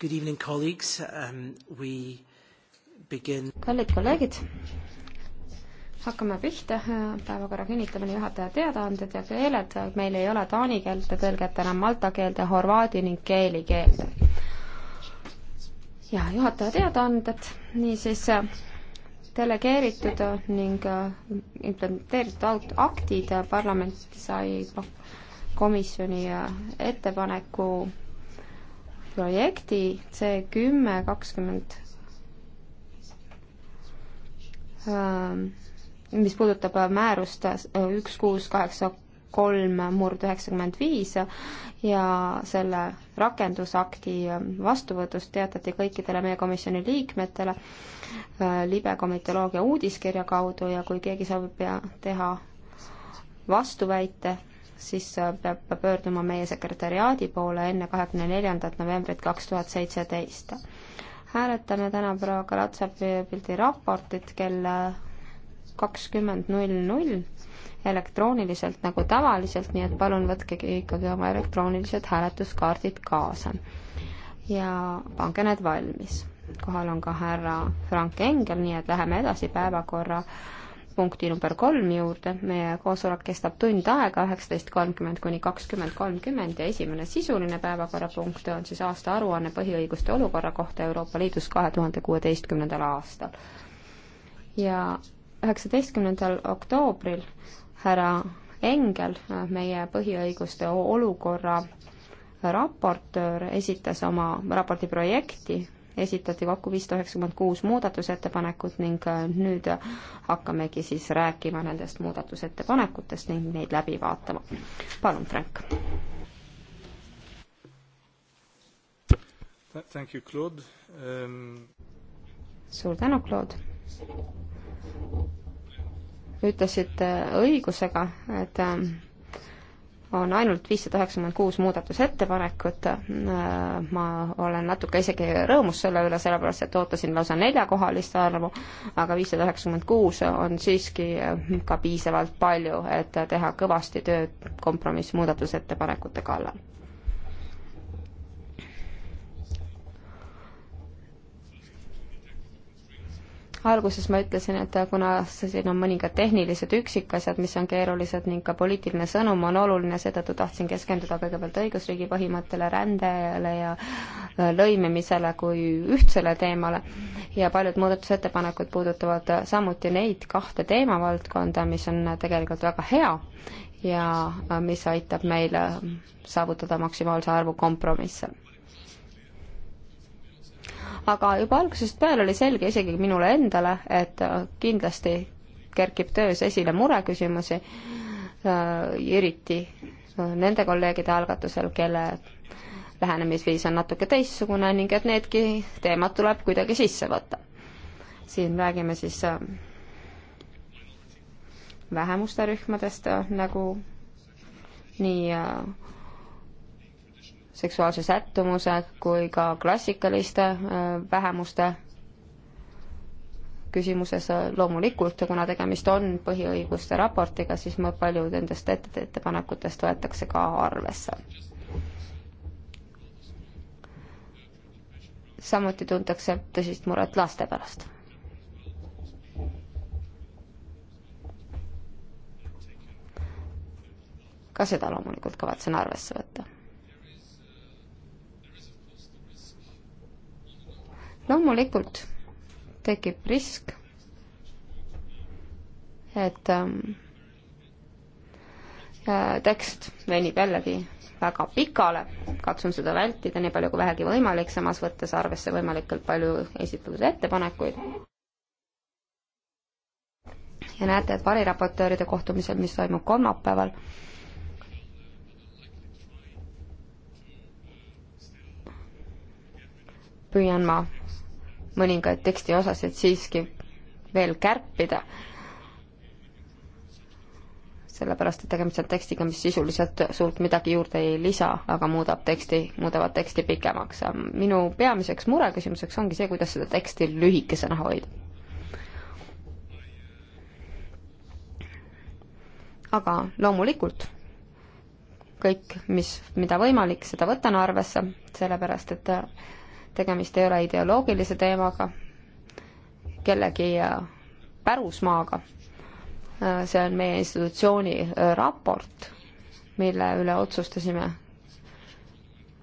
Good evening, colleagues. Um, we begin. kallid kolleegid, hakkame pihta, päevakorra kinnitamine, juhataja teadaanded ja keeled, meil ei ole taani keelt ja tõlget enam malta keelde, horvaadi ning keeli keelde. ja juhataja teadaanded, niisiis delegeeritud ning implementeeritud aktid, parlament sai komisjoni ettepaneku projekti C kümme kakskümmend, ähm, mis puudutab äh, määrust äh, üks kuus kaheksa kolm murd üheksakümmend viis ja selle rakendusakti ähm, vastuvõtust teatati kõikidele meie komisjoni liikmetele äh, libekomitoloogia uudiskirja kaudu ja kui keegi soovib teha vastuväite siis äh, peab pöörduma meie sekretäriaadi poole enne kahekümne neljandat novembrit kaks tuhat seitseteist. hääletame täna proua Kalatsa-Pildi raportit kell äh, kakskümmend null null elektrooniliselt nagu tavaliselt, nii et palun võtke ikkagi oma elektroonilised hääletuskaardid kaasa. ja pange need valmis. kohal on ka härra Frank Engel, nii et läheme edasi päevakorra äh, punkti number kolm juurde, meie koosolek kestab tund aega, üheksateist kolmkümmend kuni kakskümmend kolmkümmend ja esimene sisuline päevakorrapunkt on siis aastaaruanne põhiõiguste olukorra kohta Euroopa Liidus kahe tuhande kuueteistkümnendal aastal. ja üheksateistkümnendal oktoobril härra Engel, meie põhiõiguste olukorra raportöör, esitas oma raporti projekti esitati kokku viissada üheksakümmend kuus muudatusettepanekut ning äh, nüüd hakkamegi siis rääkima nendest muudatusettepanekutest ning neid läbi vaatama. palun, Frank. Thank you, Claude um.... suur tänu, Claude ütlesite õigusega, et ähm, on ainult viissada üheksakümmend kuus muudatusettepanekut, äh, ma olen natuke isegi rõõmus selle üle, sellepärast et ootasin lausa neljakohalist arvu, aga viissada üheksakümmend kuus on siiski ka piisavalt palju, et teha kõvasti tööd kompromissmuudatusettepanekute kallal alguses ma ütlesin, et kuna siin on mõningad tehnilised üksikasjad, mis on keerulised ning ka poliitiline sõnum on oluline, seetõttu tahtsin keskenduda kõigepealt õigusriigi põhimõttele, rändele ja äh, lõimimisele kui ühtsele teemale. ja paljud muudatusettepanekud puudutavad samuti neid kahte teemavaldkonda, mis on tegelikult väga hea ja äh, mis aitab meil äh, saavutada maksimaalse arvu kompromisse aga juba algusest peale oli selge isegi minule endale, et äh, kindlasti kerkib töös esile mureküsimusi, äh, eriti äh, nende kolleegide algatusel, kelle lähenemisviis on natuke teistsugune ning et needki teemad tuleb kuidagi sisse võtta. siin räägime siis vähemuste rühmadest nagu nii seksuaalse sättumuse kui ka klassikaliste äh, vähemuste küsimuses loomulikult, kuna tegemist on põhiõiguste raportiga, siis ma paljud nendest ette, ettepanekutest võetakse ka arvesse. samuti tuntakse tõsist muret laste pärast. ka seda loomulikult kavatsen arvesse võtta loomulikult tekib risk, et ähm, äh, tekst venib jällegi väga pikale, katsun seda vältida nii palju kui vähegi võimalik, samas võttes arvesse võimalikult palju esitatud ettepanekuid. ja näete, et variraportööride kohtumisel, mis toimub kolmapäeval, püüan ma mõningaid tekstiosasid siiski veel kärpida. sellepärast, et tegemist on tekstiga, mis sisuliselt suurt midagi juurde ei lisa, aga muudab teksti, muudavad teksti pikemaks. minu peamiseks mureküsimuseks ongi see, kuidas seda teksti lühikesena hoida. aga loomulikult kõik, mis, mida võimalik, seda võtan arvesse, sellepärast et tegemist ei ole ideoloogilise teemaga, kellegi äh, pärusmaaga. Äh, see on meie institutsiooni äh, raport, mille üle otsustasime,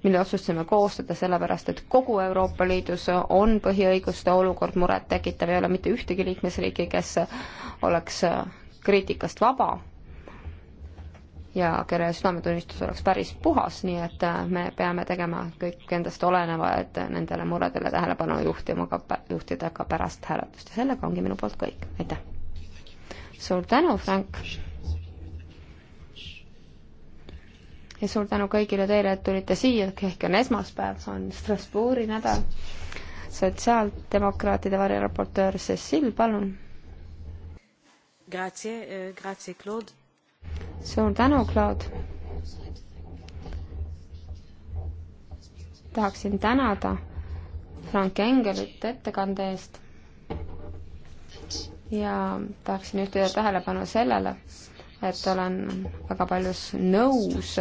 mille otsustasime koostada sellepärast, et kogu Euroopa Liidus on põhiõiguste olukord murettekitav, ei ole mitte ühtegi liikmesriiki, kes oleks kriitikast vaba ja kelle südametunnistus oleks päris puhas, nii et äh, me peame tegema kõik endast oleneva, et nendele muredele tähelepanu juhtima ka, juhtida ka pärast hääletust ja sellega ongi minu poolt kõik, aitäh! suur tänu, Frank! ja suur tänu kõigile teile, et tulite siia, ehk on esmaspäev, see on Strasbourgi nädal. sotsiaaldemokraatide variraportöör Cecil, palun. Grazie, eh, grazie, Claude suur tänu, Claude! tahaksin tänada Frank Engelit ettekande eest ja tahaksin juhtida tähelepanu sellele, et olen väga paljus nõus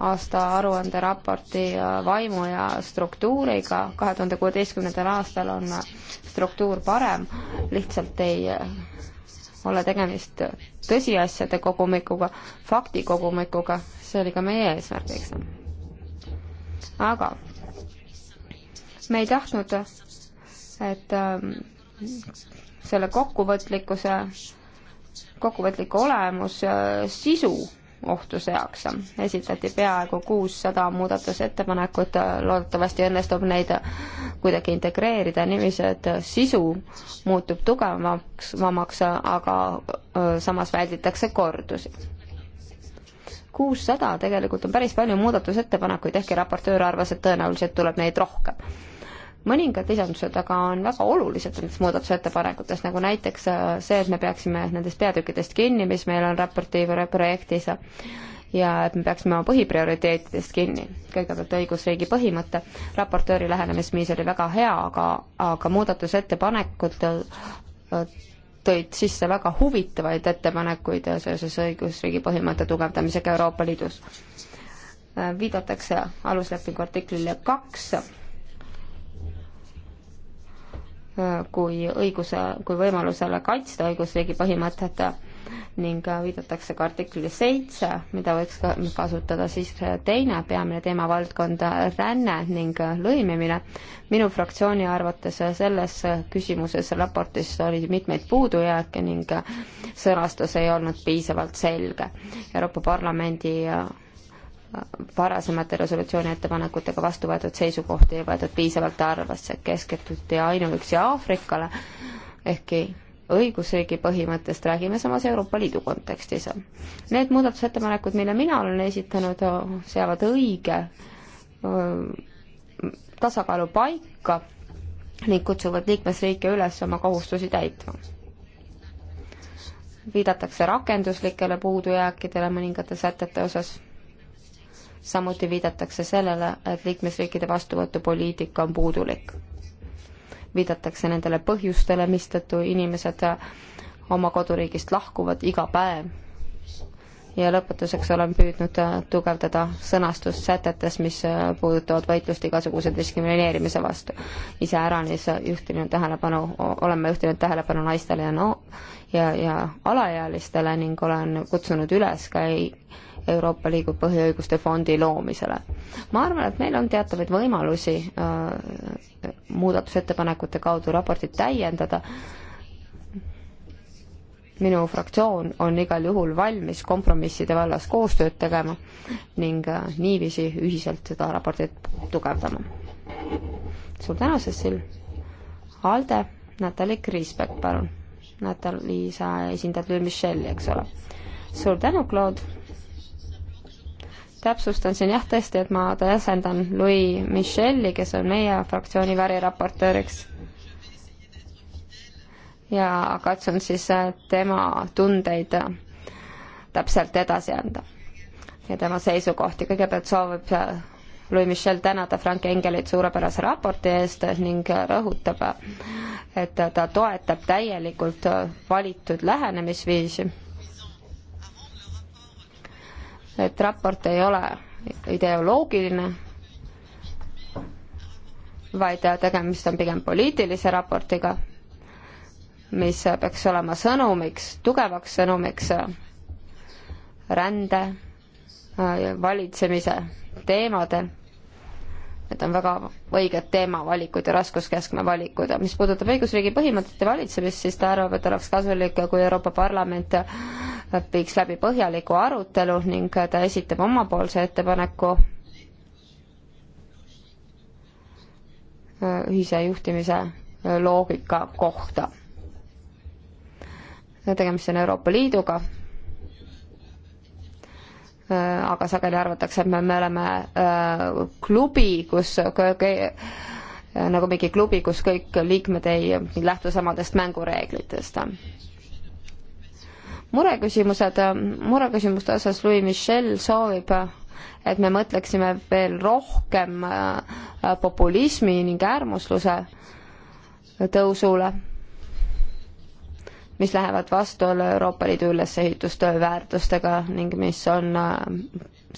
aastaaruande raporti vaimu ja struktuuriga. kahe tuhande kuueteistkümnendal aastal on struktuur parem, lihtsalt ei ole tegemist tõsiasjade kogumikuga, faktikogumikuga, see oli ka meie eesmärgiks. aga me ei tahtnud, et ähm, selle kokkuvõtlikkuse, kokkuvõtlik olemus, sisu ohtu seaks. esitati peaaegu kuussada muudatusettepanekut, loodetavasti õnnestub neid kuidagi integreerida niiviisi, et sisu muutub tugevamaks, vamaks, aga samas välditakse kordusi kuussada tegelikult on päris palju muudatusettepanekuid, ehkki raportöör arvas, et tõenäoliselt tuleb neid rohkem mõningad lisandused aga on väga olulised nendes muudatusettepanekutes, nagu näiteks äh, see, et me peaksime nendest peatükkidest kinni, mis meil on raporti projektis, ja et me peaksime oma põhiprioriteetidest kinni. kõigepealt õigusriigi põhimõte, raportööri lähenemisviis oli väga hea, aga, aga muudatusettepanekud äh, tõid sisse väga huvitavaid ettepanekuid seoses õigusriigi põhimõtte tugevdamisega Euroopa Liidus. Äh, viidatakse aluslepingu artiklile kaks kui õiguse, kui võimalusele kaitsta õigusriigi põhimõtet ning viidatakse ka artiklile seitse, mida võiks ka kasutada siis teine peamine teemavaldkond, ränne ning lõimimine. minu fraktsiooni arvates selles küsimuses raportis oli mitmeid puudujääke ning sõnastus ei olnud piisavalt selge. Euroopa Parlamendi varasemate resolutsiooni ettepanekutega vastu võetud seisukohti ei võetud piisavalt arvesse, keskenduti ainuüksi Aafrikale, ehkki õigusriigi põhimõttest räägime samas Euroopa Liidu kontekstis. Need muudatusettepanekud, mille mina olen esitanud, seavad õige tasakaalu paika ning kutsuvad liikmesriike üles oma kohustusi täitma viidatakse rakenduslikele puudujääkidele mõningate sätete osas samuti viidatakse sellele, et liikmesriikide vastuvõtupoliitika on puudulik. viidatakse nendele põhjustele, mistõttu inimesed oma koduriigist lahkuvad iga päev. ja lõpetuseks olen püüdnud tugevdada sõnastust sätetes, mis puudutavad võitlust igasuguse diskrimineerimise vastu. iseäranis juhtinud tähelepanu, oleme juhtinud tähelepanu naistele ja no- ja, ja alaealistele ning olen kutsunud üles ka ei, Euroopa Liidu põhiõiguste fondi loomisele. ma arvan, et meil on teatavaid võimalusi äh, muudatusettepanekute kaudu raportit täiendada, minu fraktsioon on igal juhul valmis kompromisside vallas koostööd tegema ning äh, niiviisi ühiselt seda raportit tugevdama. suur tänu, Cecil! Alde, Natalja Kriisbeck, palun! Natalii, sa esindad Le Michel'i, eks ole? suur tänu, Claude! täpsustan siin jah tõesti, et ma asendan Louis Michel'i, kes on meie fraktsiooni variraportööriks. ja katsun siis äh, tema tundeid äh, täpselt edasi anda ja tema seisukohti. kõigepealt soovib äh, Louis Michel tänada Frank Engelit suurepärase raporti eest ning rõhutab, et ta toetab täielikult valitud lähenemisviisi et raport ei ole ideoloogiline, vaid tegemist on pigem poliitilise raportiga, mis peaks olema sõnumiks, tugevaks sõnumiks rände, valitsemise teemadel. Need on väga õiged teemavalikud ja raskuskeskme valikud. mis puudutab õigusriigi põhimõtete valitsemist, siis ta arvab, et oleks kasulik, kui Euroopa Parlament Nad viiks läbi põhjaliku arutelu ning ta esitab omapoolse ettepaneku äh, ühise juhtimise äh, loogika kohta. tegemist on Euroopa Liiduga, äh, aga sageli arvatakse, et me, me oleme äh, klubi, kus äh, nagu mingi klubi, kus kõik liikmed ei lähtu samadest mängureeglitest mureküsimused, mureküsimuste osas Louis Michel soovib, et me mõtleksime veel rohkem äh, populismi ning äärmusluse tõusule, mis lähevad vastuollu Euroopa Liidu ülesehitustöö väärtustega ning mis on äh,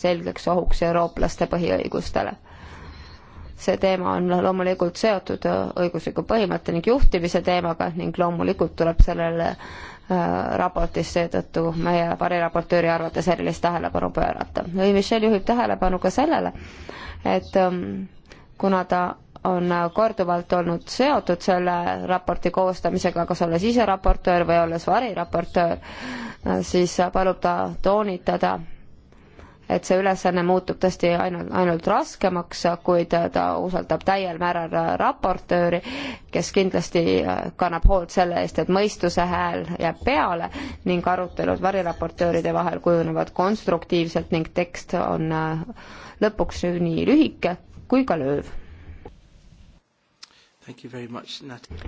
selgeks ohuks eurooplaste põhiõigustele see teema on loomulikult seotud õigusliku põhimõtte ning juhtimise teemaga ning loomulikult tuleb sellele raportis, seetõttu meie variraportööri arvates erilist tähelepanu pöörata. Louis Michel juhib tähelepanu ka sellele, et ähm, kuna ta on korduvalt olnud seotud selle raporti koostamisega, kas olles ise raportöör või olles variraportöör, äh, siis palub ta toonitada et see ülesanne muutub tõesti ainult, ainult raskemaks, kuid ta usaldab täiel määral raportööri, kes kindlasti kannab hoolt selle eest, et mõistuse hääl jääb peale ning arutelud variraportööride vahel kujunevad konstruktiivselt ning tekst on lõpuks nii lühike kui ka lööv.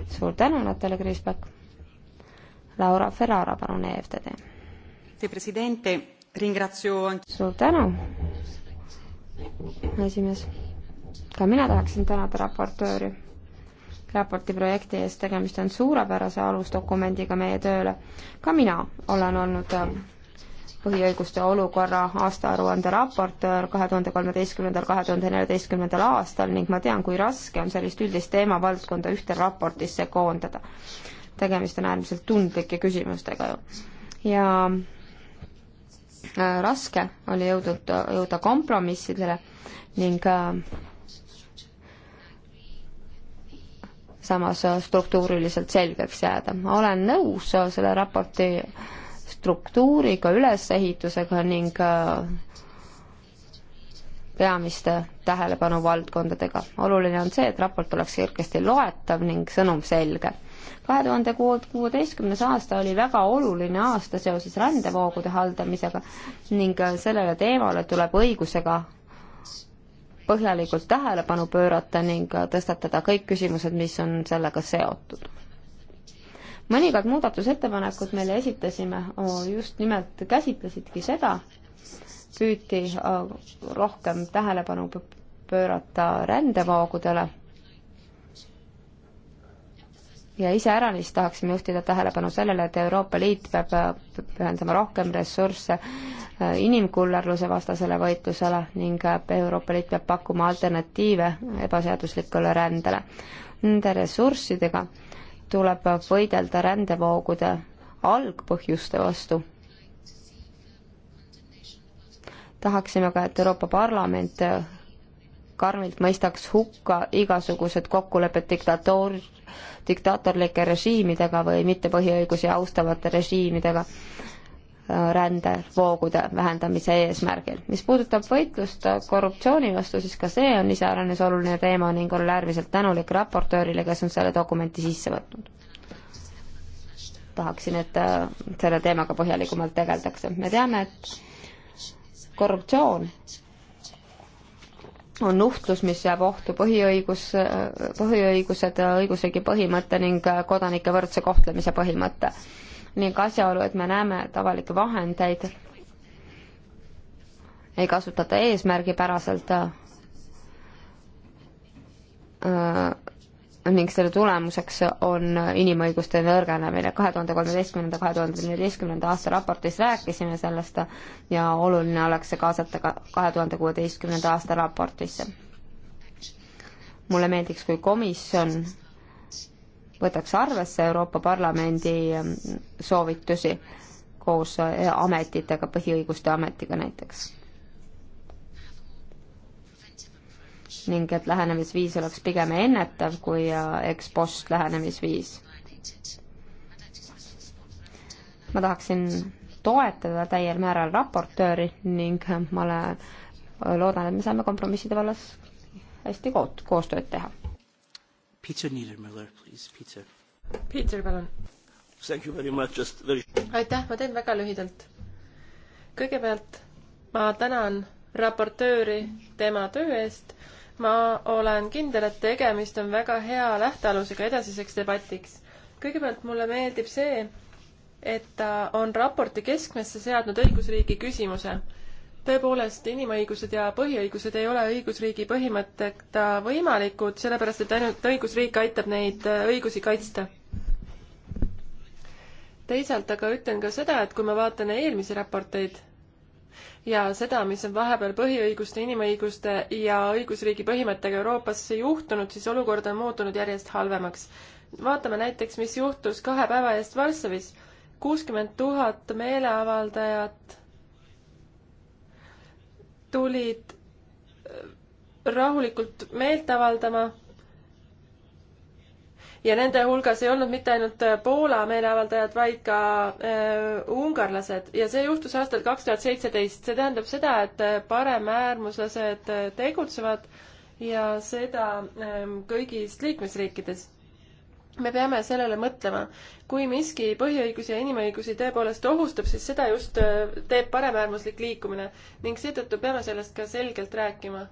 suur tänu, Natalja Kriisbek. Laura Ferrara, palun, EFTD. Presidente suur tänu, esimees. ka mina tahaksin tänada raportööri raporti projekti eest, tegemist on suurepärase alusdokumendiga meie tööle. ka mina olen olnud äh, põhiõiguste olukorra aastaaruande raportöör kahe tuhande kolmeteistkümnendal, kahe tuhande neljateistkümnendal aastal ning ma tean, kui raske on sellist üldist teemavaldkonda ühte raportisse koondada. tegemist on äärmiselt tundlike küsimustega ju. ja Äh, raske oli jõudnud, jõuda kompromissidele ning äh, samas äh, struktuuriliselt selgeks jääda. olen nõus selle raporti struktuuriga, ülesehitusega ning peamiste tähelepanuvaldkondadega. oluline on see, et raport oleks kergesti loetav ning sõnum selge kahe tuhande kuueteistkümnes aasta oli väga oluline aasta seoses rändevoogude haldamisega ning sellele teemale tuleb õigusega põhjalikult tähelepanu pöörata ning tõstatada kõik küsimused, mis on sellega seotud. mõningad muudatusettepanekud meile esitasime just nimelt käsitlesidki seda, püüti rohkem tähelepanu pöörata rändevoogudele ja iseäranis tahaksime juhtida tähelepanu sellele, et Euroopa Liit peab pühendama rohkem ressursse äh, inimkullerluse vastasele võitlusele ning äh, Euroopa Liit peab pakkuma alternatiive ebaseaduslikule rändele. Nende ressurssidega tuleb võidelda rändevoogude algpõhjuste vastu. tahaksime ka, et Euroopa Parlament karmilt mõistaks hukka igasugused kokkulepped diktatoor, diktaatorlike režiimidega või mitte põhiõigusi austavate režiimidega äh, rändevoogude vähendamise eesmärgil. mis puudutab võitlust äh, korruptsiooni vastu, siis ka see on iseäranis oluline teema ning olen äärmiselt tänulik raportöörile, kes on selle dokumenti sisse võtnud tahaksin, et äh, selle teemaga põhjalikumalt tegeldakse. me teame, et korruptsioon on nuhtlus, mis jääb ohtu põhiõigus, põhiõigused, õigusriigi põhimõte ning kodanike võrdse kohtlemise põhimõte. ning asjaolu, et me näeme, et avalikke vahendeid ei kasutata eesmärgipäraselt, ning selle tulemuseks on inimõiguste nõrgenemine. kahe tuhande kolmeteistkümnenda, kahe tuhande neljateistkümnenda aasta raportis rääkisime sellest ja oluline oleks see kaasata ka kahe tuhande kuueteistkümnenda aasta raportisse. mulle meeldiks, kui komisjon võtaks arvesse Euroopa Parlamendi ähm, soovitusi koos äh, ametitega, põhiõiguste ametiga näiteks ning et lähenemisviis oleks pigem ennetav kui äh, ekspost lähenemisviis. ma tahaksin toetada täiel määral raportööri ning äh, ma olen, loodan, et me saame kompromisside vallas hästi kood, koostööd teha. Peter Niedermüller, please, Peter. Peter, palun. Thank you very much, just very. aitäh, ma teen väga lühidalt. kõigepealt ma tänan raportööri tema töö eest ma olen kindel, et tegemist on väga hea lähtealusega edasiseks debatiks. kõigepealt mulle meeldib see, et ta on raporti keskmesse seadnud õigusriigi küsimuse. tõepoolest, inimõigused ja põhiõigused ei ole õigusriigi põhimõtteta võimalikud, sellepärast et ainult õigusriik aitab neid äh, õigusi kaitsta. teisalt aga ütlen ka seda, et kui ma vaatan eelmisi raporteid, ja seda, mis on vahepeal põhiõiguste, inimõiguste ja õigusriigi põhimõttega Euroopas juhtunud, siis olukord on muutunud järjest halvemaks. vaatame näiteks, mis juhtus kahe päeva eest Varssavis. kuuskümmend tuhat meeleavaldajat tulid rahulikult meelt avaldama ja nende hulgas ei olnud mitte ainult äh, Poola meeleavaldajad, vaid ka äh, ungarlased ja see juhtus aastal kaks tuhat seitseteist. see tähendab seda, et äh, paremäärmuslased äh, tegutsevad ja seda äh, kõigis liikmesriikides me peame sellele mõtlema. kui miski põhiõigusi ja inimõigusi tõepoolest ohustab, siis seda just teeb paremäärmuslik liikumine ning seetõttu peame sellest ka selgelt rääkima.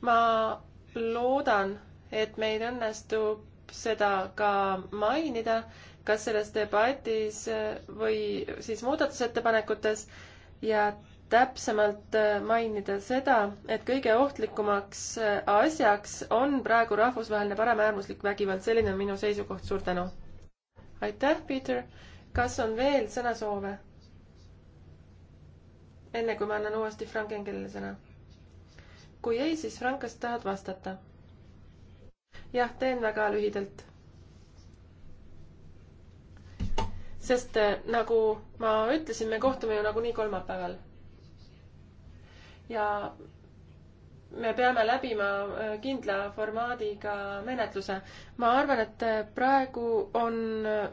ma loodan, et meil õnnestub seda ka mainida, kas selles debatis või siis muudatusettepanekutes ja täpsemalt mainida seda, et kõige ohtlikumaks asjaks on praegu rahvusvaheline paremäärmuslik vägivald, selline on minu seisukoht, suur tänu. aitäh, Peeter, kas on veel sõnasoove? enne kui ma annan uuesti Frank Engelile sõna. kui ei, siis Frank, kas tahad vastata? jah, teen väga lühidalt. sest äh, nagu ma ütlesin, me kohtume ju nagunii kolmapäeval. ja me peame läbima äh, kindla formaadiga menetluse. ma arvan, et äh, praegu on,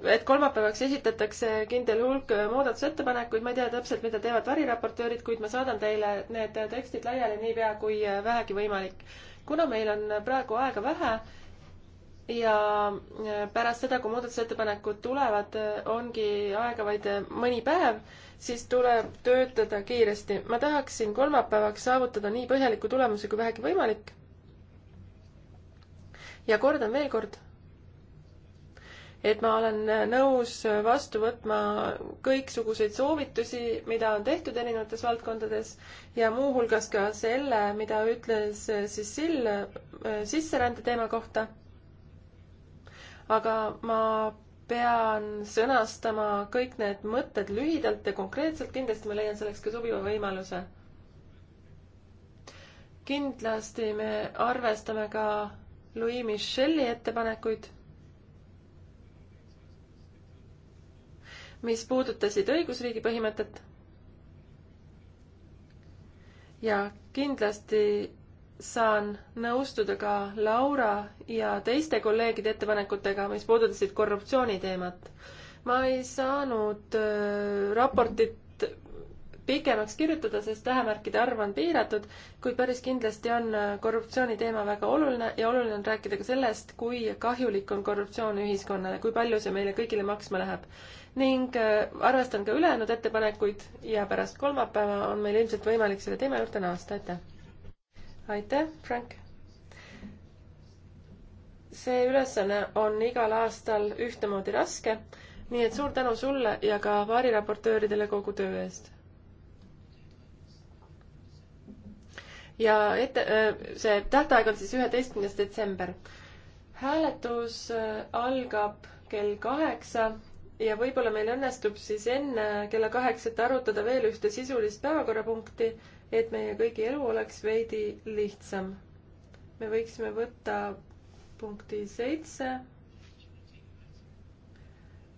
et kolmapäevaks esitatakse kindel hulk muudatusettepanekuid, ma ei tea täpselt, mida teevad variraportöörid, kuid ma saadan teile need tekstid laiali niipea kui vähegi võimalik kuna meil on praegu aega vähe ja äh, pärast seda, kui muudatusettepanekud tulevad, äh, ongi aega vaid äh, mõni päev, siis tuleb töötada kiiresti. ma tahaksin kolmapäevaks saavutada nii põhjaliku tulemuse kui vähegi võimalik. ja kordan veel kord et ma olen nõus vastu võtma kõiksuguseid soovitusi, mida on tehtud erinevates valdkondades ja muuhulgas ka selle, mida ütles siis Sill äh, sisserände teema kohta. aga ma pean sõnastama kõik need mõtted lühidalt ja konkreetselt, kindlasti ma leian selleks ka sobiva võimaluse. kindlasti me arvestame ka Louis Michel'i ettepanekuid mis puudutasid õigusriigi põhimõtet. ja kindlasti saan nõustuda ka Laura ja teiste kolleegide ettepanekutega, mis puudutasid korruptsiooni teemat. ma ei saanud äh, raportit pikemaks kirjutada, sest tähemärkide arv on piiratud, kuid päris kindlasti on äh, korruptsiooni teema väga oluline ja oluline on rääkida ka sellest, kui kahjulik on korruptsioon ühiskonnale, kui palju see meile kõigile maksma läheb ning äh, arvestan ka ülejäänud ettepanekuid ja pärast kolmapäeva on meil ilmselt võimalik selle teema juurde naasta, aitäh! aitäh, Frank! see ülesanne on igal aastal ühtemoodi raske, nii et suur tänu sulle ja ka variraportööridele kogu töö eest. ja ette, äh, see tähtaeg on siis üheteistkümnes detsember. hääletus äh, algab kell kaheksa ja võib-olla meil õnnestub siis enne kella kaheksat arutada veel ühte sisulist päevakorrapunkti, et meie kõigi elu oleks veidi lihtsam. me võiksime võtta punkti seitse.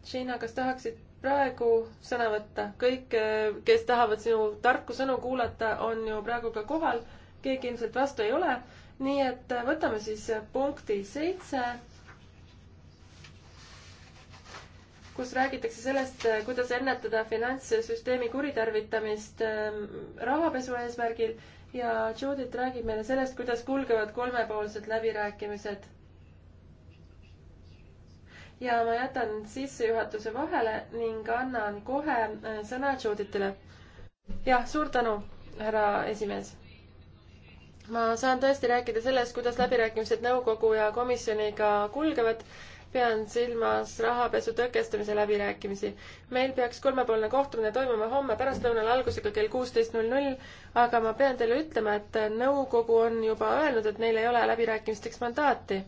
Tšiina, kas tahaksid praegu sõna võtta? kõik, kes tahavad sinu tarku sõnu kuulata, on ju praegu ka kohal, keegi ilmselt vastu ei ole, nii et võtame siis punkti seitse kus räägitakse sellest, kuidas ennetada finantssüsteemi kuritarvitamist ähm, rahapesu eesmärgil ja Judith räägib meile sellest, kuidas kulgevad kolmepoolsed läbirääkimised. ja ma jätan sissejuhatuse vahele ning annan kohe äh, sõna Judithile. jah, suur tänu, härra esimees ma saan tõesti rääkida sellest, kuidas läbirääkimised nõukogu ja komisjoniga kulgevad pean silmas rahapesu tõkestamise läbirääkimisi. meil peaks kolmepoolne kohtumine toimuma homme pärastlõunal algusega kell kuusteist null null, aga ma pean teile ütlema, et nõukogu on juba öelnud, et neil ei ole läbirääkimisteks mandaati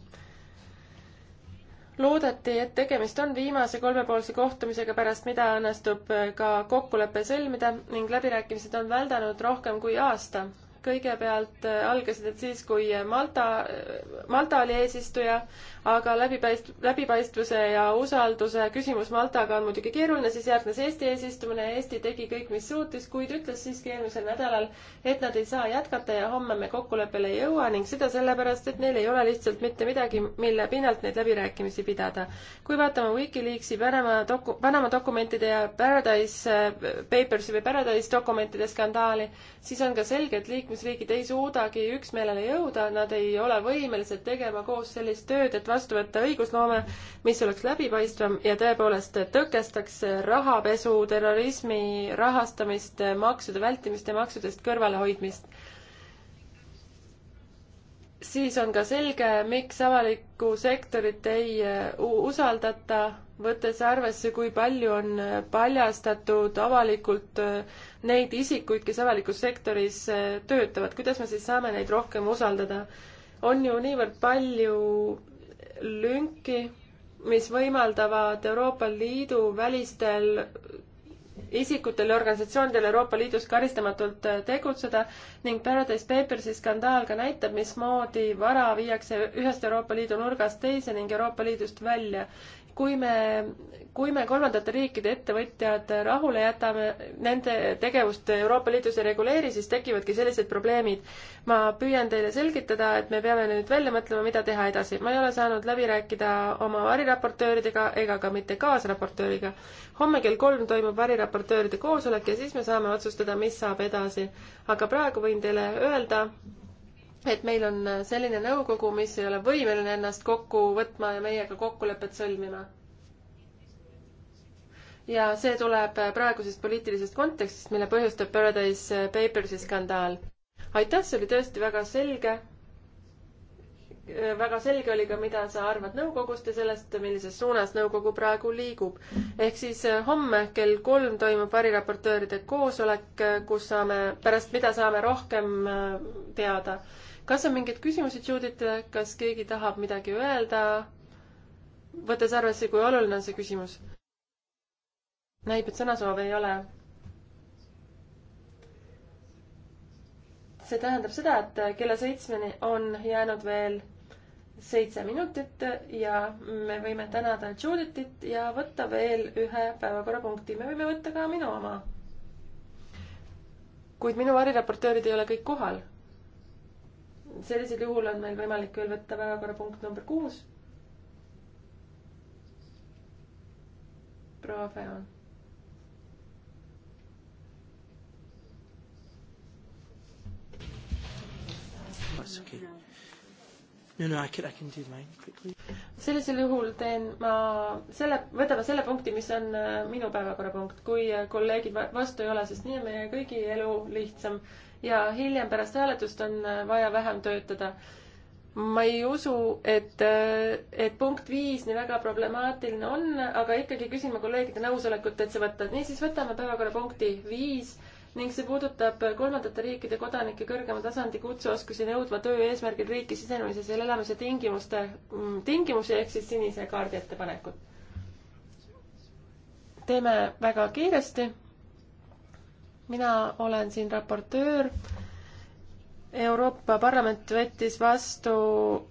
loodeti, et tegemist on viimase kolmepoolse kohtumisega, pärast mida õnnestub ka kokkulepe sõlmida ning läbirääkimised on väldanud rohkem kui aasta kõigepealt äh, algasid need siis, kui äh, Malta, äh, Malta oli eesistuja, aga läbipaist-, läbipaistvuse ja usalduse küsimus Maltaga on muidugi keeruline, siis järgnes Eesti eesistumine, Eesti tegi kõik, mis suutis, kuid ütles siiski eelmisel nädalal, et nad ei saa jätkata ja homme me kokkuleppele ei jõua ning seda sellepärast, et neil ei ole lihtsalt mitte midagi, mille pinnalt neid läbirääkimisi pidada. kui vaatame Wikileaksi Panama doku-, Panama dokumentide ja Paradise Papersi või Paradise dokumentide skandaali, siis on ka selge, et liikmes-, liikmesriigid ei suudagi üksmeelele jõuda, nad ei ole võimelised tegema koos sellist tööd, et vastu võtta õigusloome, mis oleks läbipaistvam ja tõepoolest tõkestaks rahapesu, terrorismi rahastamist, maksude vältimist ja maksudest kõrvalehoidmist. siis on ka selge, miks avalikku sektorit ei usaldata võttes arvesse, kui palju on äh, paljastatud avalikult äh, neid isikuid, kes avalikus sektoris äh, töötavad, kuidas me siis saame neid rohkem usaldada? on ju niivõrd palju lünki, mis võimaldavad Euroopa Liidu välistel isikutel ja organisatsioonidel Euroopa Liidus karistamatult tegutseda ning Paradise Papersi skandaal ka näitab, mismoodi vara viiakse ühest Euroopa Liidu nurgast teise ning Euroopa Liidust välja kui me, kui me kolmandate riikide ettevõtjad rahule jätame, nende tegevust Euroopa Liidus ei reguleeri, siis tekivadki sellised probleemid. ma püüan teile selgitada, et me peame nüüd välja mõtlema, mida teha edasi. ma ei ole saanud läbi rääkida oma variraportööridega ega ka mitte kaasraportööriga. homme kell kolm toimub variraportööride koosolek ja siis me saame otsustada, mis saab edasi. aga praegu võin teile öelda, et meil on selline nõukogu, mis ei ole võimeline ennast kokku võtma ja meiega kokkulepet sõlmima. ja see tuleb praegusest poliitilisest kontekstist, mille põhjustab Paradise Papersi skandaal. aitäh, see oli tõesti väga selge. väga selge oli ka, mida sa arvad nõukogust ja sellest, millises suunas nõukogu praegu liigub. ehk siis eh, homme kell kolm toimub variraportööride koosolek, eh, kus saame, pärast mida saame rohkem eh, teada kas on mingeid küsimusi Judithile, kas keegi tahab midagi öelda? võttes arvesse, kui oluline on see küsimus. näib, et sõnasoove ei ole. see tähendab seda, et kella seitsmeni on jäänud veel seitse minutit ja me võime tänada Judithit ja võtta veel ühe päevakorrapunkti. me võime võtta ka minu oma. kuid minu variraportöörid ei ole kõik kohal sellisel juhul on meil võimalik veel võtta päevakorrapunkt number kuus. proua Feon. Okay no, no, I can, I can do mine quickly. sellisel juhul teen ma selle, võtame selle punkti, mis on äh, minu päevakorrapunkt. kui äh, kolleegid vastu ei ole, sest nii on meie kõigi elu lihtsam ja hiljem pärast hääletust on äh, vaja vähem töötada. ma ei usu, et, et punkt viis nii väga problemaatiline on, aga ikkagi küsin ma kolleegide nõusolekut, et see võtta. niisiis võtame päevakorrapunkti viis ning see puudutab kolmandate riikide kodanike kõrgema tasandi kutseoskusi nõudva töö eesmärgil riiki sisenemise, seal elamise tingimuste, mm, tingimusi ehk siis sinise kaardi ettepanekut. teeme väga kiiresti. mina olen siin raportöör. Euroopa Parlament võttis vastu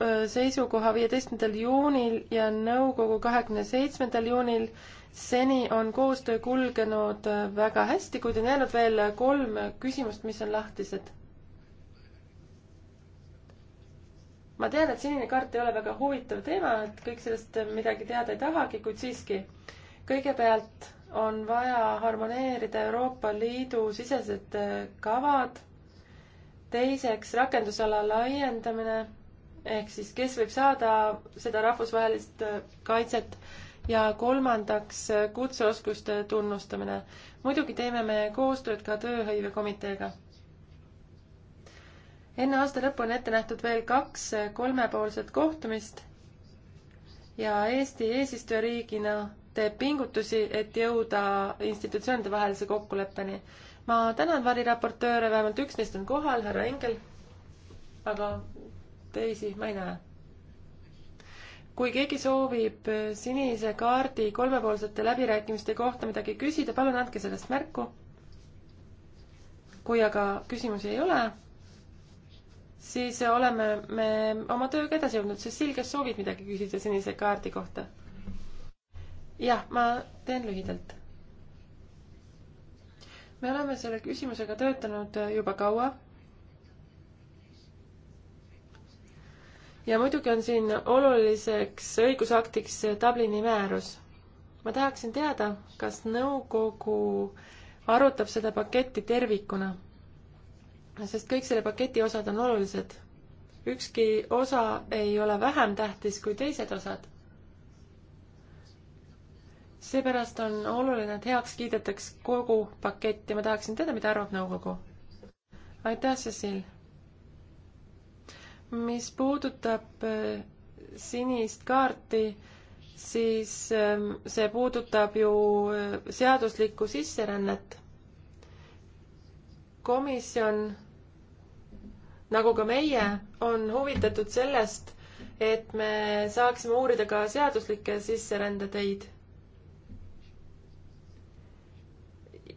äh, seisukoha viieteistkümnendal juunil ja nõukogu kahekümne seitsmendal juunil seni on koostöö kulgenud äh, väga hästi, kuid on jäänud veel äh, kolm küsimust, mis on lahtised. ma tean, et sinine kaart ei ole väga huvitav teema, et kõik sellest äh, midagi teada ei tahagi, kuid siiski. kõigepealt on vaja harmoneerida Euroopa Liidu sisesed kavad. teiseks rakendusala laiendamine ehk siis, kes võib saada seda rahvusvahelist kaitset ja kolmandaks kutseoskuste tunnustamine. muidugi teeme me koostööd ka Tööhõivekomiteega. enne aasta lõppu on ette nähtud veel kaks kolmepoolset kohtumist ja Eesti eesistujariigina teeb pingutusi, et jõuda institutsioonide vahelise kokkuleppeni. ma tänan variraportööre, vähemalt üks neist on kohal, härra Engel, aga teisi ma ei näe kui keegi soovib sinise kaardi kolmepoolsete läbirääkimiste kohta midagi küsida, palun andke sellest märku. kui aga küsimusi ei ole, siis oleme me oma tööga edasi jõudnud. Cecil, kas soovid midagi küsida sinise kaardi kohta? jah, ma teen lühidalt. me oleme selle küsimusega töötanud juba kaua ja muidugi on siin oluliseks õigusaktiks Dublini määrus. ma tahaksin teada, kas nõukogu arutab seda paketti tervikuna, sest kõik selle paketi osad on olulised. ükski osa ei ole vähem tähtis kui teised osad. seepärast on oluline, et heaks kiidetaks kogu pakett ja ma tahaksin teada, mida arvab nõukogu. aitäh, Cecil mis puudutab äh, sinist kaarti, siis ähm, see puudutab ju äh, seaduslikku sisserännet. komisjon, nagu ka meie, on huvitatud sellest, et me saaksime uurida ka seaduslikke sisserändeteid.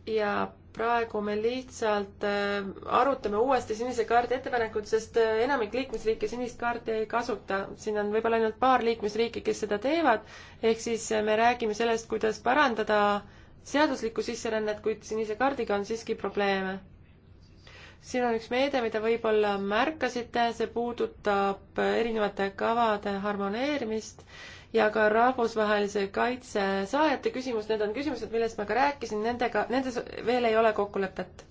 ja praegu me lihtsalt äh, arutame uuesti sinise kaardi ettepanekut, sest äh, enamik liikmesriike sinist kaarti ei kasuta. siin on võib-olla ainult paar liikmesriiki, kes seda teevad, ehk siis äh, me räägime sellest, kuidas parandada seaduslikku sisserännet, kuid sinise kaardiga on siiski probleeme. siin on üks meede, mida võib-olla märkasite, see puudutab erinevate kavade harmoneerimist ja ka rahvusvahelise kaitse saajate küsimus, need on küsimused, millest ma ka rääkisin, nendega, nendes veel ei ole kokkulepet.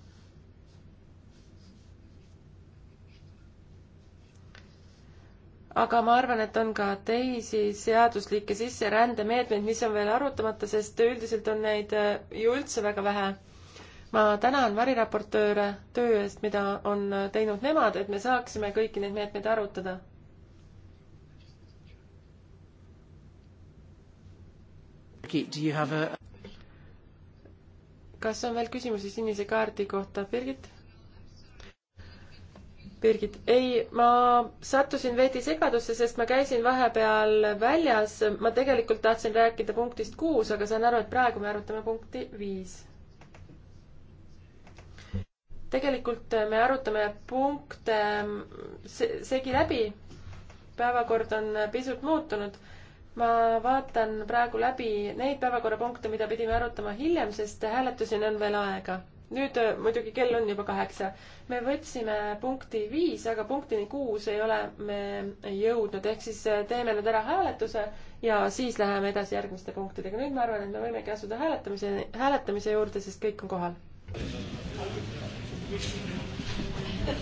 aga ma arvan, et on ka teisi seaduslikke sisserändemeetmeid, mis on veel arutamata, sest üldiselt on neid äh, ju üldse väga vähe ma tänan variraportööre töö eest, mida on äh, teinud nemad, et me saaksime kõiki neid meetmeid arutada kas on veel küsimusi sinise kaardi kohta, Birgit? Birgit, ei, ma sattusin veidi segadusse, sest ma käisin vahepeal väljas. ma tegelikult tahtsin rääkida punktist kuus, aga saan aru, et praegu me arutame punkti viis. tegelikult me arutame punkte segi läbi. päevakord on pisut muutunud ma vaatan praegu läbi neid päevakorrapunkte, mida pidime arutama hiljem, sest hääletuseni on veel aega. nüüd äh, muidugi kell on juba kaheksa. me võtsime punkti viis, aga punktini kuus ei ole me jõudnud, ehk siis äh, teeme nüüd ära hääletuse ja siis läheme edasi järgmiste punktidega. nüüd ma arvan, et me võimegi asuda hääletamise, hääletamise juurde, sest kõik on kohal. Thank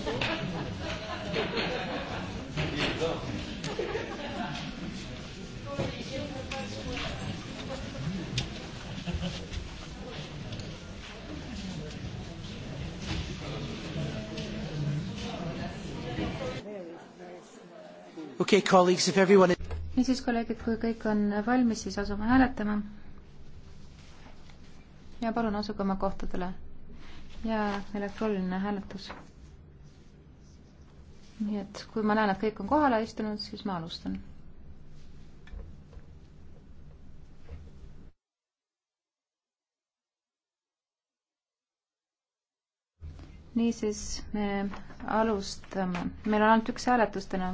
you. okay, colleagues, if everyone niisiis, kolleegid, kui kõik on valmis, siis asume hääletama. ja palun asuge oma kohtadele. ja elektrooniline hääletus. nii et kui ma näen, et kõik on kohale istunud, siis ma alustan. niisiis, me alustame, meil on ainult üks hääletus täna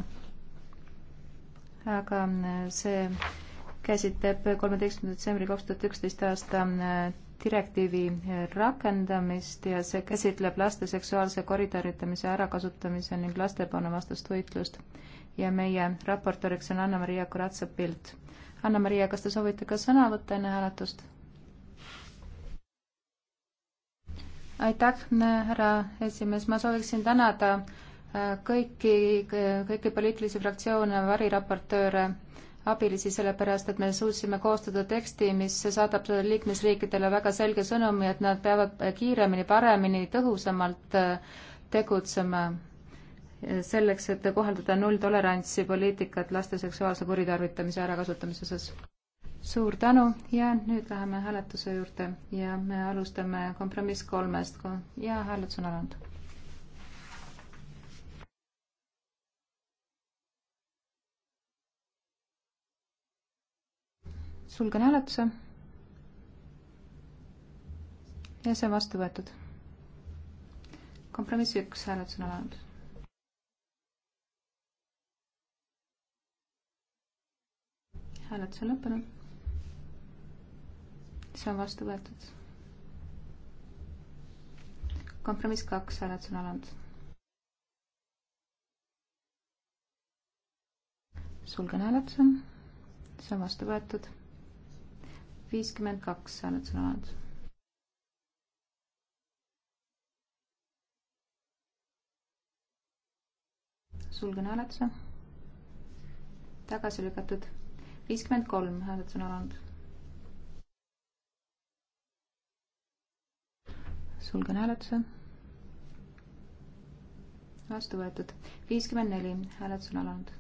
aga äh, see käsitleb kolmeteistkümnenda detsembri kaks tuhat üksteist aasta äh, direktiivi äh, rakendamist ja see käsitleb laste seksuaalse koridoritamise ärakasutamise ning lastepanuvastast võitlust. ja meie raportööriks on Anna-Maria Kuratsepilt. Anna-Maria, kas te soovite ka sõna võtta enne hääletust? aitäh, härra esimees, ma sooviksin tänada kõiki, kõiki poliitilisi fraktsioone, variraportööre, abilisi, sellepärast et me suutsime koostada teksti, mis saadab liikmesriikidele väga selge sõnumi, et nad peavad kiiremini, paremini, tõhusamalt äh, tegutsema äh, selleks, et kohaldada nulltolerantsi poliitikat laste seksuaalse kuritarvitamise ärakasutamise osas. suur tänu ja nüüd läheme hääletuse juurde ja me alustame kompromiss kolmest ja hääletus on alanud sulgen hääletuse. ja see on vastu võetud. kompromiss üks, hääletus on alanud. hääletus on lõppenud. see on vastu võetud. kompromiss kaks, hääletus on alanud. sulgen hääletuse. see on vastu võetud viiskümmend kaks saanud sõna olnud. sulgen hääletuse. tagasi lükatud. viiskümmend kolm hääletus on alanud. sulgen hääletuse. vastu võetud. viiskümmend neli hääletus on alanud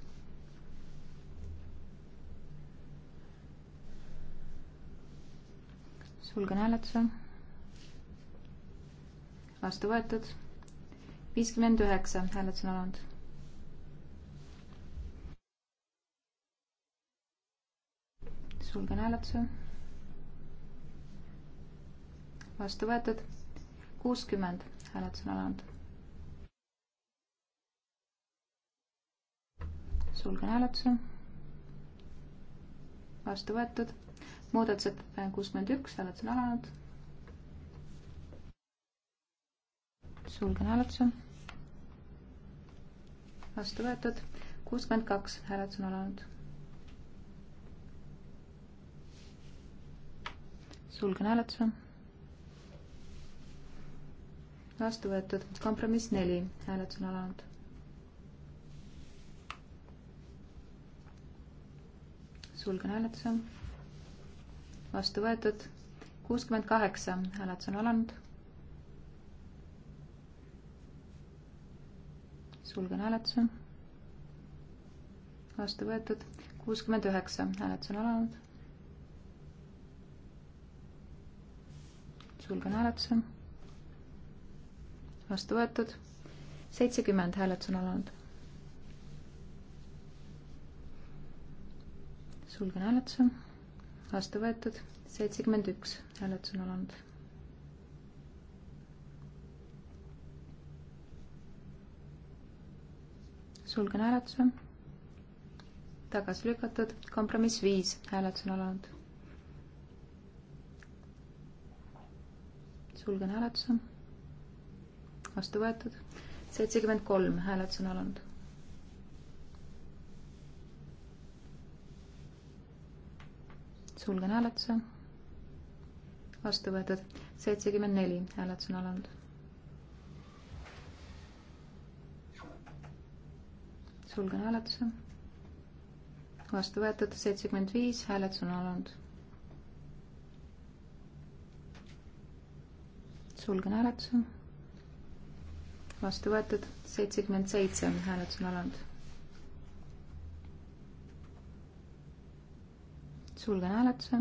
sulgen hääletuse. vastu võetud. viiskümmend üheksa, hääletus on alanud. sulgen hääletuse. vastu võetud. kuuskümmend, hääletus on alanud. sulgen hääletuse. vastu võetud muudatusettepanek kuuskümmend üks, hääletus on alanud. sulgen hääletuse. vastu võetud. kuuskümmend kaks, hääletus on alanud. sulgen hääletuse. vastu võetud. kompromiss neli, hääletus on alanud. sulgen hääletuse vastu võetud. kuuskümmend kaheksa, hääletus on alanud. sulgen hääletuse. vastu võetud. kuuskümmend üheksa, hääletus on alanud. sulgen hääletuse. vastu võetud. seitsekümmend, hääletus on alanud. sulgen hääletuse vastu võetud, seitsekümmend üks, hääletus on alanud. sulgen hääletuse. tagasi lükatud, kompromiss viis, hääletus on alanud. sulgen hääletuse. vastu võetud, seitsekümmend kolm, hääletus on alanud sulgen hääletuse. vastu võetud seitsekümmend neli, hääletus on alanud. sulgen hääletuse. vastu võetud seitsekümmend viis, hääletus on alanud. sulgen hääletuse. vastu võetud seitsekümmend seitse, hääletus on alanud sulgen hääletuse.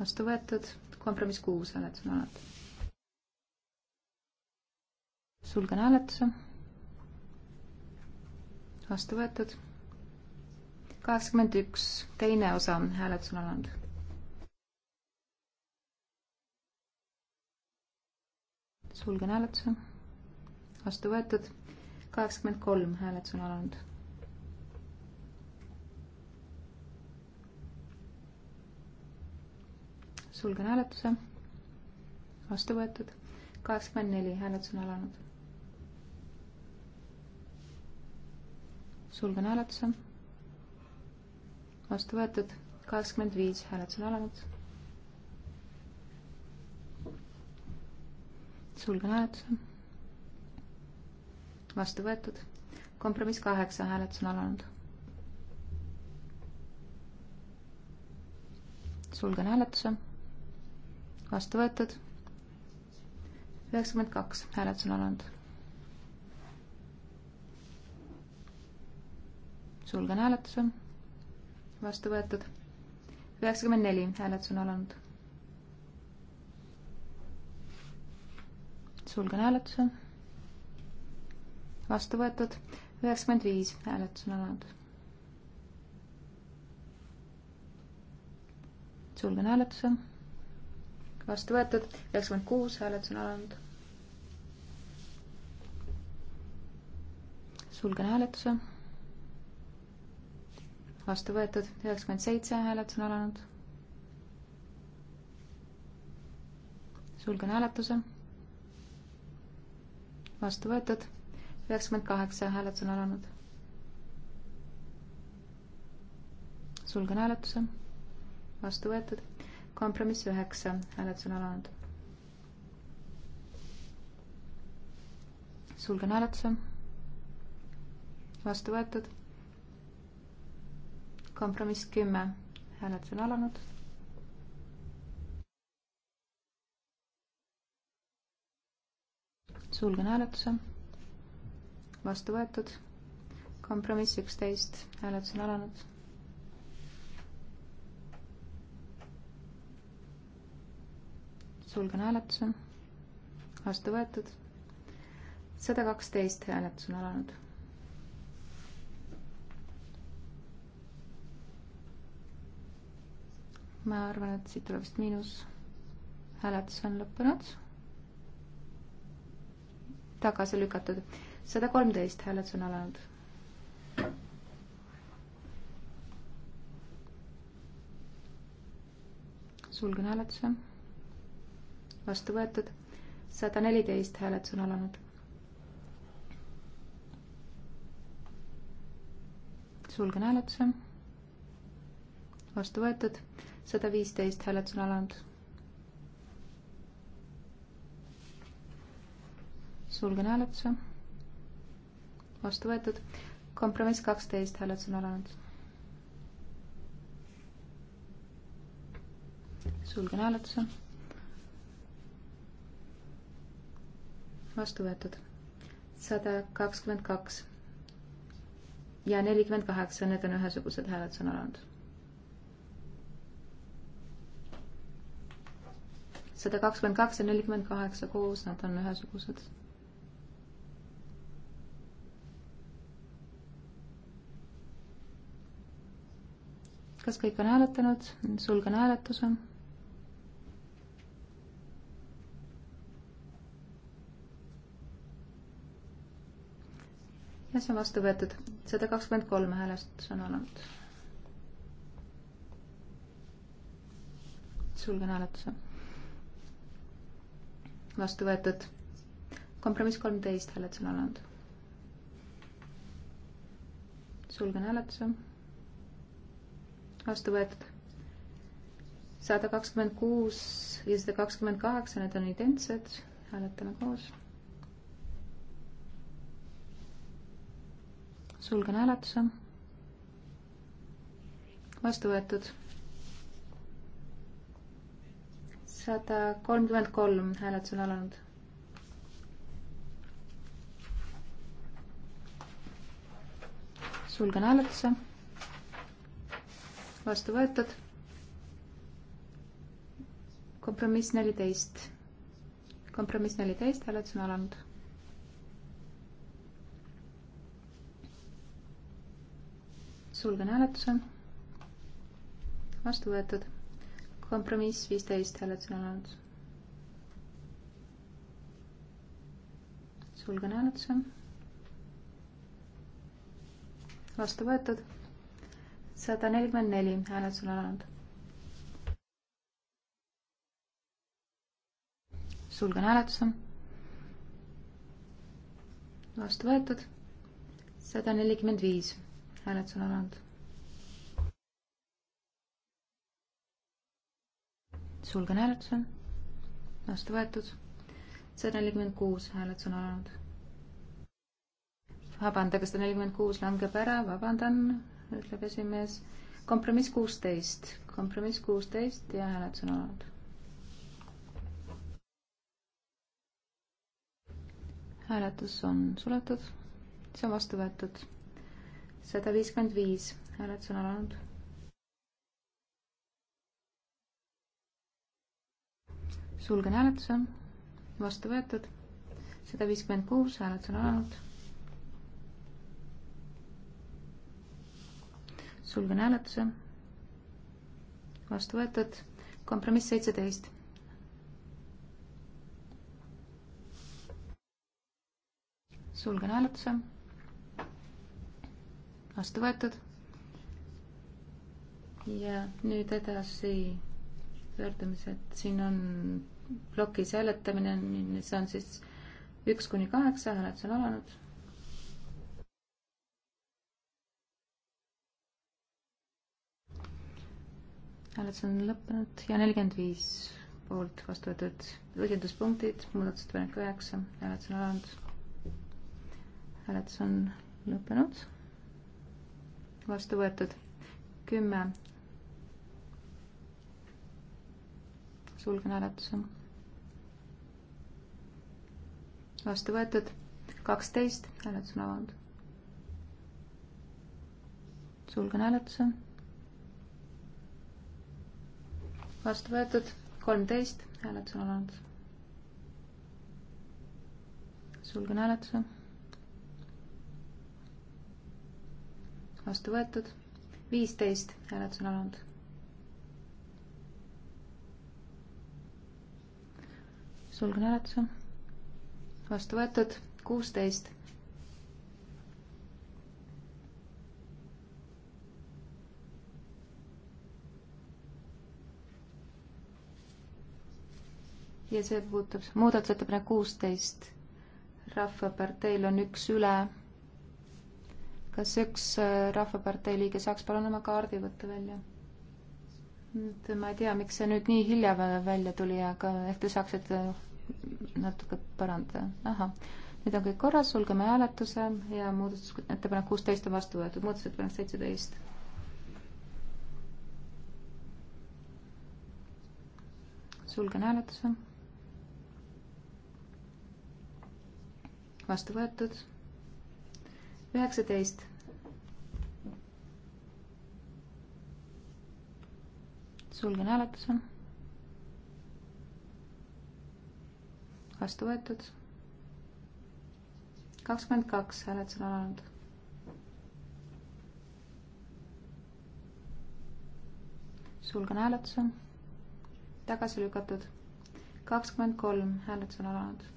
vastu võetud, kompromiss kuus hääletus on alati. sulgen hääletuse. vastu võetud. kaheksakümmend üks, teine osa hääletus on alanud sulgen hääletuse. vastu võetud. kaheksakümmend kolm hääletus on alanud sulgen hääletuse. vastu võetud. kaheksakümmend neli, hääletus on alanud. sulgen hääletuse. vastu võetud. kaheksakümmend viis, hääletus on alanud. sulgen hääletuse. vastu võetud. kompromiss kaheksa, hääletus on alanud sulgen hääletuse vastu võetud. üheksakümmend kaks, hääletus on alanud. sulgen hääletuse. vastu võetud. üheksakümmend neli, hääletus on alanud. sulgen hääletuse. vastu võetud. üheksakümmend viis, hääletus on alanud. sulgen hääletuse vastu võetud, üheksakümmend kuus, hääletus on alanud. sulgen hääletuse. vastu võetud, üheksakümmend seitse, hääletus on alanud. sulgen hääletuse. vastu võetud, üheksakümmend kaheksa, hääletus on alanud. sulgen hääletuse. vastu võetud kompromiss üheksa, hääletus on alanud. sulgen hääletuse. vastu võetud. kompromiss kümme, hääletus on alanud. sulgen hääletuse. vastu võetud. kompromiss üksteist, hääletus on alanud sulgen hääletuse. vastu võetud. sada kaksteist hääletus on alanud. ma arvan, et siit tuleb vist miinus. hääletus on lõppenud. tagasi lükatud. sada kolmteist hääletus on alanud sulgen hääletuse vastu võetud, sada neliteist hääletus on alanud. sulgen hääletuse. vastu võetud, sada viisteist hääletus on alanud. sulgen hääletuse. vastu võetud, kompromiss kaksteist hääletus on alanud sulgen hääletuse. vastu võetud. sada kakskümmend kaks ja nelikümmend kaheksa, need on ühesugused hääled, see on alanud. sada kakskümmend kaks ja nelikümmend kaheksa koos, nad on ühesugused kas kõik on hääletanud, sulgen hääletuse ja see on vastu võetud. sada kakskümmend kolm häälest on olnud. sulgen hääletuse. vastu võetud. kompromiss kolmteist hääled on olnud. sulgen hääletuse. vastu võetud. sada kakskümmend kuus ja sada kakskümmend kaheksa, need on identsed. hääletame koos sulgen hääletuse. vastu võetud. sada kolmkümmend kolm hääletus on alanud. sulgen hääletuse. vastu võetud. kompromiss neliteist. kompromiss neliteist hääletus on alanud sulgen hääletuse. vastu võetud. kompromiss viisteist, hääletus on alanud. sulgen hääletuse. vastu võetud. sada nelikümmend neli, hääletus on alanud. sulgen hääletuse. vastu võetud. sada nelikümmend viis hääletus on alanud. sulgen hääletuse. vastu võetud. sada nelikümmend kuus hääletus on alanud. vabandage, sada nelikümmend kuus langeb ära, vabandan, ütleb esimees. kompromiss kuusteist, kompromiss kuusteist ja hääletus on alanud. hääletus on suletud, see on vastu võetud sada viiskümmend viis, hääletus on alanud. sulgen hääletuse, vastu võetud, sada viiskümmend kuus, hääletus on alanud. sulgen hääletuse, vastu võetud, kompromiss seitseteist sulgen hääletuse vastu võetud. ja nüüd edasi pöördumised, siin on plokis hääletamine, see on siis üks kuni kaheksa, hääletus on alanud. hääletus on lõppenud ja nelikümmend viis poolt vastu võetud põhjenduspunktid, muudatusettepanek üheksa, hääletus on alanud. hääletus on lõppenud vastu võetud. kümme. sulgen hääletuse. vastu võetud. kaksteist, hääletus on avatud. sulgen hääletuse. vastu võetud. kolmteist, hääletus on alanud. sulgen hääletuse vastu võetud, viisteist, hääletus on alanud. sulgen hääletuse, vastu võetud, kuusteist. ja see puudutab muudatusettepanek kuusteist. rahvaparteil on üks üle kas üks äh, Rahvapartei liige saaks palun oma kaardi võtta välja? et ma ei tea, miks see nüüd nii hilja välja tuli, aga ehk te saaksite natuke parandada. ahah, nüüd on kõik korras, sulgeme hääletuse ja muudatusettepanek kuusteist on vastu võetud, muudatusettepanek seitseteist. sulgen hääletuse. vastu võetud üheksateist. sulgen hääletuse. vastu võetud. kakskümmend kaks hääletus on alanud. sulgen hääletuse. tagasi lükatud. kakskümmend kolm hääletus on alanud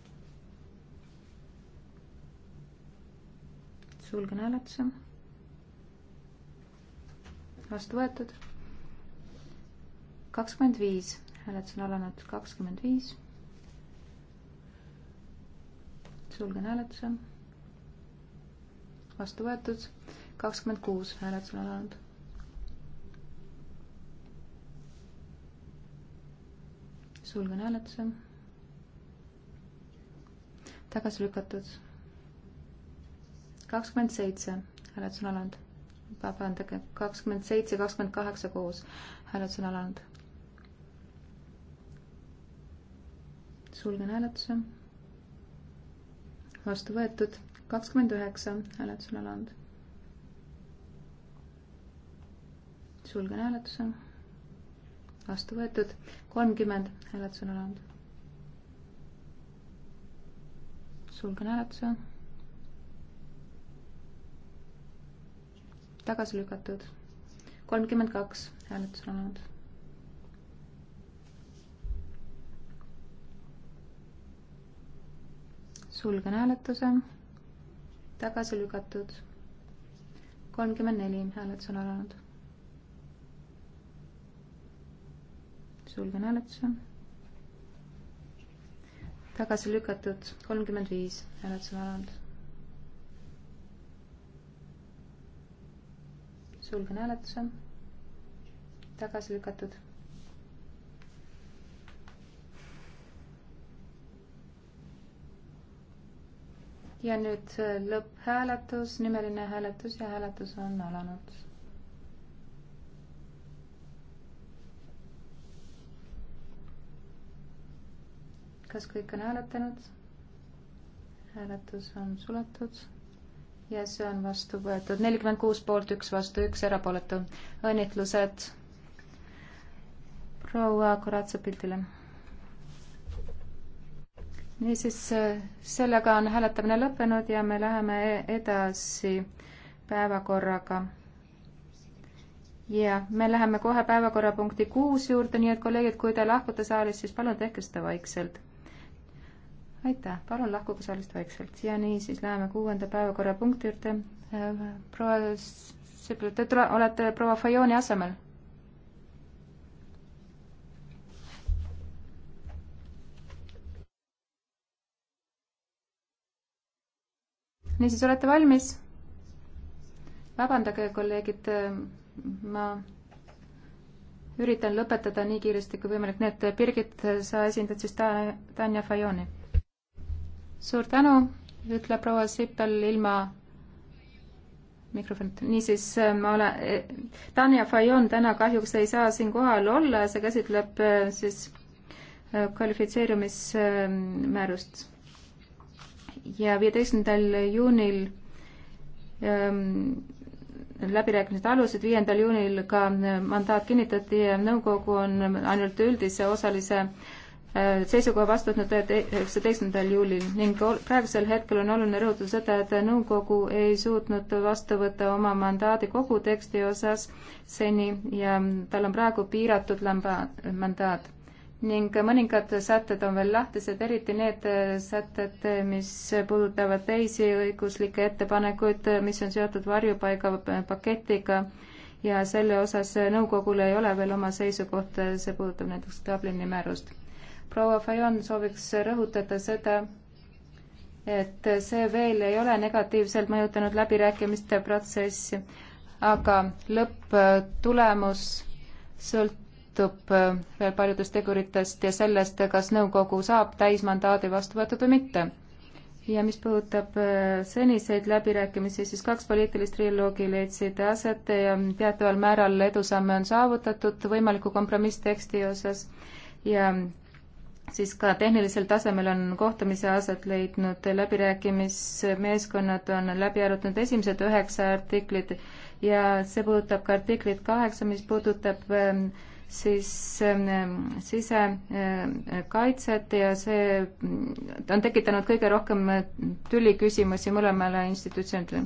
sulgen hääletuse. vastu võetud. kakskümmend viis, hääletus on alanud kakskümmend viis. sulgen hääletuse. vastu võetud. kakskümmend kuus, hääletus on alanud sulgen hääletuse. tagasi lükatud kakskümmend seitse, hääletus on alanud. vabandage, kakskümmend seitse, kakskümmend kaheksa koos, hääletus on alanud. sulgen hääletuse. vastu võetud, kakskümmend üheksa, hääletus on alanud. sulgen hääletuse vastu võetud, kolmkümmend, hääletus on alanud. sulgen hääletuse. tagasi lükatud. kolmkümmend kaks hääletus on olnud. sulgen hääletuse. tagasi lükatud. kolmkümmend neli hääletus on alanud. sulgen hääletuse. tagasi lükatud. kolmkümmend viis hääletus on alanud sulgen hääletuse. tagasi lükatud. ja nüüd äh, lõpphääletus, nimeline hääletus ja hääletus on alanud. kas kõik on hääletanud? hääletus on suletud ja see on vastu võetud. nelikümmend kuus poolt, üks vastu, üks erapooletu. õnnitlused proua Kuratsa-Pildile. niisiis, sellega on hääletamine lõppenud ja me läheme edasi päevakorraga. ja me läheme kohe päevakorrapunkti kuus juurde, nii et kolleegid, kui te lahkute saalist, siis palun tehke seda vaikselt aitäh, palun lahkuge saalist vaikselt ja nii, siis läheme kuuenda päevakorrapunkti juurde. Äh, proua Sibel, te tule, olete proua Fajoni asemel. niisiis, olete valmis? vabandage, kolleegid, äh, ma üritan lõpetada nii kiiresti kui võimalik, nii et äh, Birgit, sa esindad siis Tanja Fajoni suur tänu, ütleb proua Sippel ilma mikrofon, niisiis äh, ma olen, äh, Tanja Fajon täna kahjuks ei saa siin kohal olla, see käsitleb äh, siis kvalifitseerumismäärust. ja viieteistkümnendal juunil ähm, läbirääkimised alusid, viiendal juunil ka mandaat kinnitati ja nõukogu on ainult üldise osalise äh, Äh, seisukoha vastu võtnud üheksateistkümnendal juulil ning praegusel hetkel on oluline rõhutada seda, et nõukogu ei suutnud vastu võtta oma mandaadi kogu teksti osas seni ja tal on praegu piiratud lamba, mandaat ning mõningad sätted on veel lahtised, eriti need äh, sätted, mis puudutavad teisi õiguslikke ettepanekuid, mis on seotud varjupaiga paketiga ja selle osas nõukogul ei ole veel oma seisukohta, see puudutab näiteks Dublini määrust proua Fajon sooviks rõhutada seda, et see veel ei ole negatiivselt mõjutanud läbirääkimiste protsessi, aga lõpptulemus sõltub veel paljudest teguritest ja sellest, kas nõukogu saab täismandaadi vastu võetud või mitte. ja mis puudutab äh, seniseid läbirääkimisi, siis kaks poliitilist triloogi leidsid aset ja teataval määral edusamme on saavutatud võimaliku kompromissteksti osas ja siis ka tehnilisel tasemel on kohtumise aset leidnud, läbirääkimismeeskonnad on läbi arutanud esimesed üheksa artiklit ja see puudutab ka artiklit kaheksa, mis puudutab ähm, siis ähm, sisekaitset äh, ja see mm, on tekitanud kõige rohkem äh, tüliküsimusi mõlemale institutsioonile.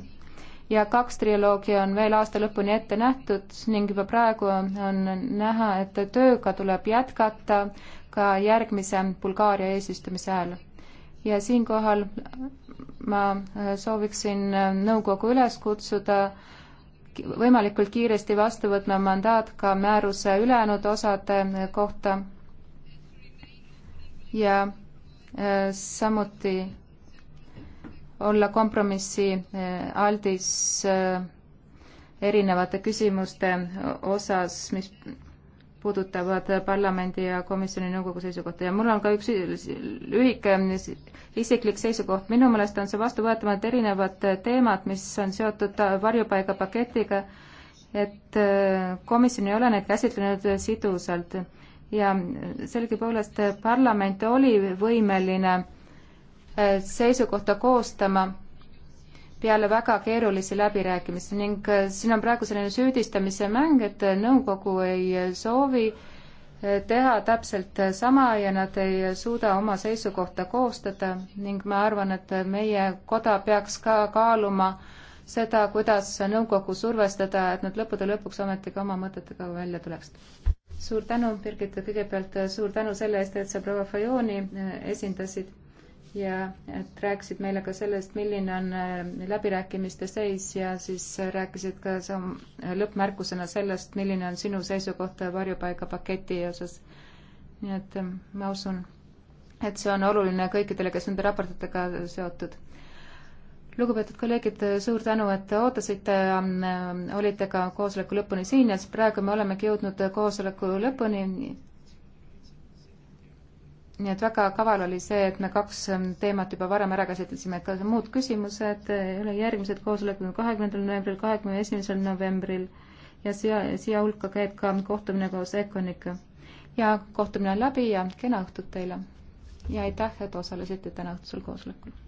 ja kaks triloogi on veel aasta lõpuni ette nähtud ning juba praegu on näha, et tööga tuleb jätkata ka järgmise Bulgaaria eesistumise ajal. ja siinkohal ma äh, sooviksin äh, nõukogu üles kutsuda võimalikult kiiresti vastu võtma mandaat ka määruse ülejäänud osade äh, kohta ja samuti olla kompromissi aldis erinevate küsimuste osas, mis puudutavad parlamendi ja komisjoni nõukogu seisukohta ja mul on ka üks lühike isiklik seisukoht. minu meelest on see vastuvõetamatu erinevad teemad, mis on seotud varjupaigapaketiga, et komisjon ei ole neid käsitlenud sidusalt ja sellegipoolest parlament oli võimeline seisukohta koostama peale väga keerulisi läbirääkimisi ning äh, siin on praegu selline süüdistamise mäng, et äh, nõukogu ei äh, soovi teha täpselt sama ja nad ei suuda oma seisukohta koostada ning ma arvan, et meie koda peaks ka kaaluma seda, kuidas nõukogu survestada, et nad lõppude lõpuks ometigi oma mõtetega välja tuleksid. suur tänu, Birgit, kõigepealt suur tänu selle eest, et sa proua Fajoni esindasid ja et rääkisid meile ka sellest, milline on äh, läbirääkimiste seis ja siis rääkisid ka lõppmärkusena sellest, milline on sinu seisukoht äh, varjupaigapaketi osas. nii et äh, ma usun, et see on oluline kõikidele, kes nende raportitega seotud. lugupeetud kolleegid, suur tänu, et te ootasite, olite ka koosoleku lõpuni siin ja siis praegu me olemegi jõudnud koosoleku lõpuni nii et väga kaval oli see, et me kaks ähm, teemat juba varem ära käsitlesime, et ka muud küsimused, ülejärgmised äh, koosolekud kahekümnendal novembril, kahekümne esimesel novembril ja siia, siia hulka käib ka kohtumine koos EKONiga. ja kohtumine on läbi ja kena õhtut teile! ja aitäh, et osalesite täna õhtusel koosolekul!